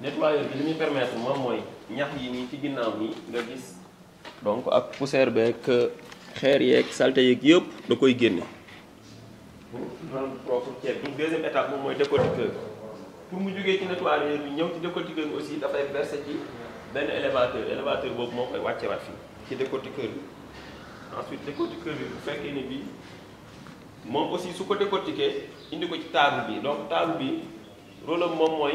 nettoyeur bi li muy permettre moom mooy ñax yi ni ci ginnaaw nii nga gis donc ak poussière beeg xeer yeeg salte yeeg yëpp da koy génne propre ceeb bi deuxième étape moom mooy décortiqueur pour mu jógee ci nettoyeur bi ñëw ci décortiqueur bi aussi dafay versé ci benn élévateur élévateur boobu moo koy wàccewaat fii ci décortiqueur bi ensuite décortiqueur bi bu fekkee ni bi moom aussi su ko décortiquer indi ko ci table bi donc table bi rôle am moom mooy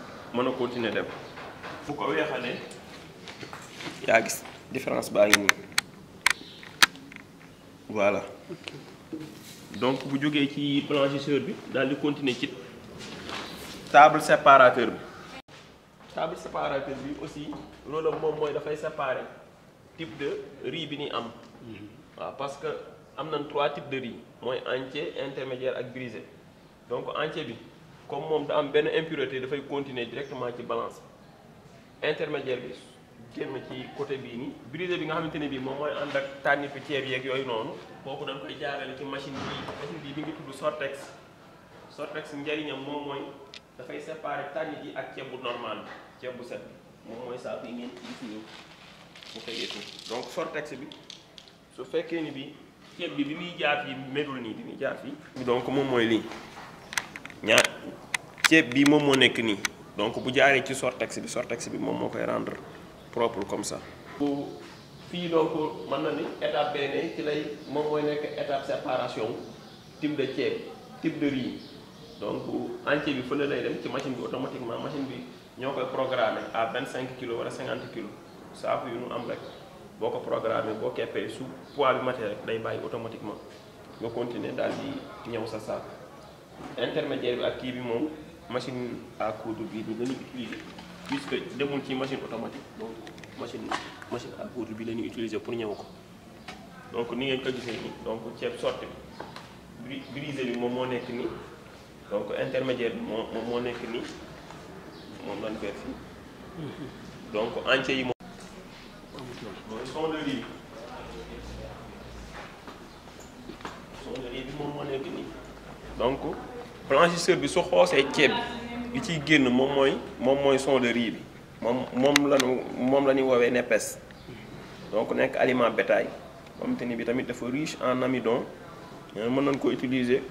je vais continuer dem bu ko weexalee ya gis différence baa ngi voilà donc bu joggé ci blanchisseur bi dal di continuer ci table séparateur bi table séparateur bi aussi mom moy da fay séparer type de riz bi ni am mhm. parce que am nañ trois types de riz moy entier intermédiaire ak brisé donc entier bi comme moom da am benn impureté dafay continuer directement ci balance intermédiaire qui génn ci côté bini nii brisé bi nga xamante ne bii moom mooy ànd ak tànnifi ceeb yeeg yooyu noonu kooku dañ koy jaarale ci machine bii machine bii bi ngi sortex sortex sortex njëriñam moom de faire séparer tànnit yi ak ceeb bu normal qui est bu set bi moom mooy saaku donc ngeen gis nii mu fegee suuf donc sortex bi su fekkee ni bi ceeb bi bi muy jaar fii melul nii bi donc comment mooy lii ceeb bi moom moo nekk nii donc bu jaaree ci Sortex bi Sortex bi moom moo koy rendre propre comme ça. fii donc mën na ni étape benn ci lay moom mooy nekk étape séparation type de ceeb type de riz donc entier bi fële lay dem ci machine bi automatiquement machine bi ñoo koy programmer à 25 kilos wala 50 kilos saaku yu nu am rek boo ko programmer boo keppee su poids bi matee rek day bàyyi automatiquement nga continuer daal di ñëw sa saak intermédiaire bi ak kii bi moom machine à coudre bi ni la utiliser puisque demul ci machine automatique donc machine machine à coudre bi la ñuy utiliser pour ñëw ko donc ni ngeen ko gisee nii donc ci sorte bi brisé bi moom mo nekk ni donc intermédiaire mo mo moom moo nekk nii moom lan beer fii donc entier yi moom son de riz son de riz bi moom moo nekk nii donc blanchisseur bi su xossé ceeb bi li ciy génn mom moy mom moy son de riz bi mom moom la ñu moom la ñu donc nek aliment bétail mom te bi tamit dafa riche en amidon mën nañ ko utiliser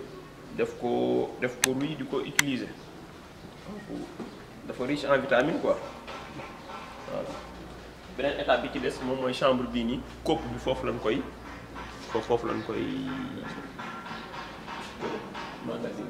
def ko def ko ruy diko utiliser donc dafa riche en vitamine quoi voilà beneen étape bi ci dess mom moy chambre bi ni kopp bi foofu lañ koy foofu lañ koy magasin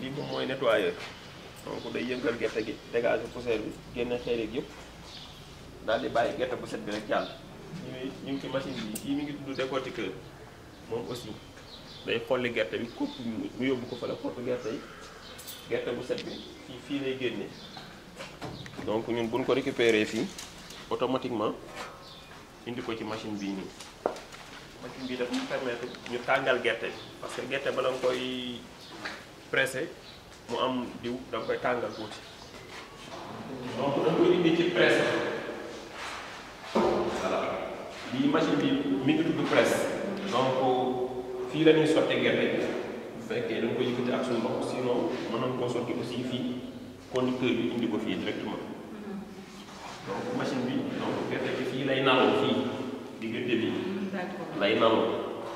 lii moom mooy nettoyeur donc day yëngal gerte gi dégager poussière bi génne xeer yi yëpp daal di bàyyi gerte bu set bi rek jàll. ñu ngi ñu ci machine bi fii mi ngi tudd décortiqueur moom aussi day xolli gerte bi kopp mu yóbbu ko fa la kopp gerte yi gerte bu set bi fii fii lay génne. donc ñun buñ ko récupérer fii automatiquement indi ko ci machine bi nii machine bii daf ñu permettre ñu tàngal gerte parce que gerte bala nga koy. pressé mu am diw da nga koy tàngal tuuti donc da koy indi ci presse voilà lii machine bi mi ngi tudd presse donc fii la sotte gerte bi bu fekkee da nga koy yëkkati ak suñu loxo sinon mën nañ koo sotti aussi fii conducteur bi indi ko fii directement donc machine bi donc gerte bi fii lay naloo fii lay naloo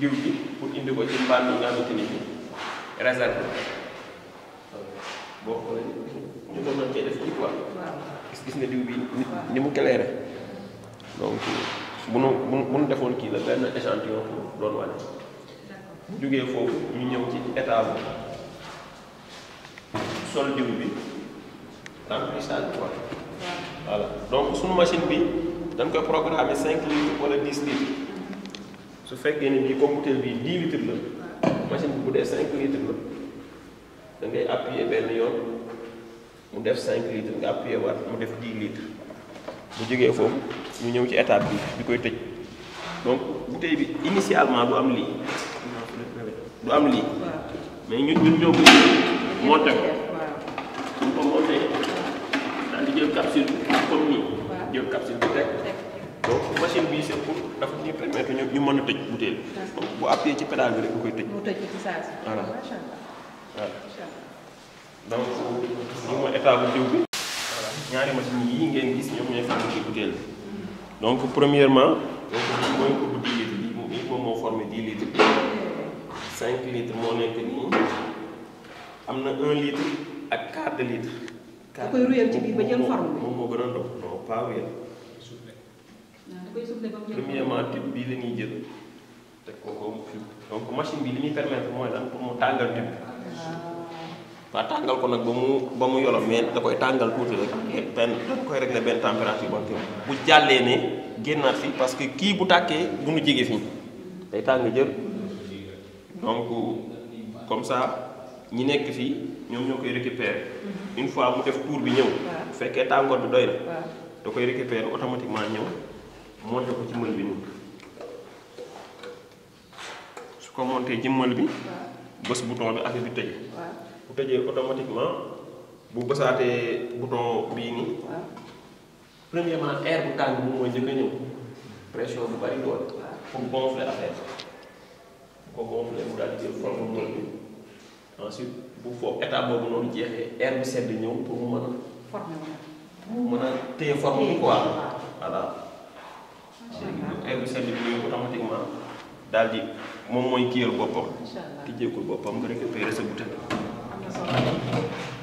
diw bi pour indi ko ci mbaal mi nga xamante ni bi réserve boo ko mën cee def ni mu claire donc bu nu bu nu defoon kii la benn échantillon pour doon wane jógee foofu ñu ñëw ci état bu sol diw bi remplissage donc suñu machine bi dañ koy programmer cinq litres wala dix su fekkee ne bii comme bouteille bii 10 litres la machine bi bu dee 5 litres la da ngay appuyer benn yoon mu def 5 litres nga appuyer waat mu def 10 litres bu jógee foofu ñu ñëw ci étape bi di koy tëj donc bouteille bi initialement du am lii du am lii mais ñun ñun ñoo ko monté ko suñ ko monté daal di jël capsule comme nii jël capsule bi teg ko machine bi surtout dafa ñuy permettre ñu ñu mën a tëj bouteille donc bu appuyé ci pédale bi rek nga koy tëj. mu tëj ci saa si. voilà macha allah. donc lii mooy état bu diw bi. voilà ñaari machine yii ngeen gis ñoom ñooy formé ci bouteille donc premièrement. donc lii mooy ko bu 10 litres lii moom lii moom moo formé 10 litres. 5 litres moo nekk nii am na 1 litre ak quart de litre. da koy ruyal ci biir ba jël forme bi moom moo gën a ndox non pas wéyal. premièrement tube bii la ñuy jël teg ko ko donc machine bi li muy permettre mooy lan pour mu tàngal tube ah. waaw tàngal ko nag ba mu ba mu yoroon mais da koy tàngal tuuti rek benn da koy régler benn température bonté bu jàllee ne génnaat fi parce que kii bu tàkkee bu ñu jege fii day tàng jër donc comme ça ñi nekk fii ñoom ñoo koy récupérer mm-hmm. une fois mu def tour bi ñëw bu fekkee tàngoor du doy na da koy récupérer automatiquement ñëw monté ko ci mël bi nii su ko monté ci mël bi bës bouton bi affaire bi tëjee bu tëjee automatiquement bu bësaatee bouton bii nii premièrement air bu tàng bu mooy njëkk a pression bu bari doon pour gonfler affaire bu ko gonfler mu daal di jël forme mël bi ensuite bu foofu état boobu noonu jeexee air bu sedd ñëw pour mu mën a. forme mu mën a téye forme air bu sedd bi automatiquement daal di moom mooy kiyal boppam tijjeekul boppam nga récupérer sa bouteille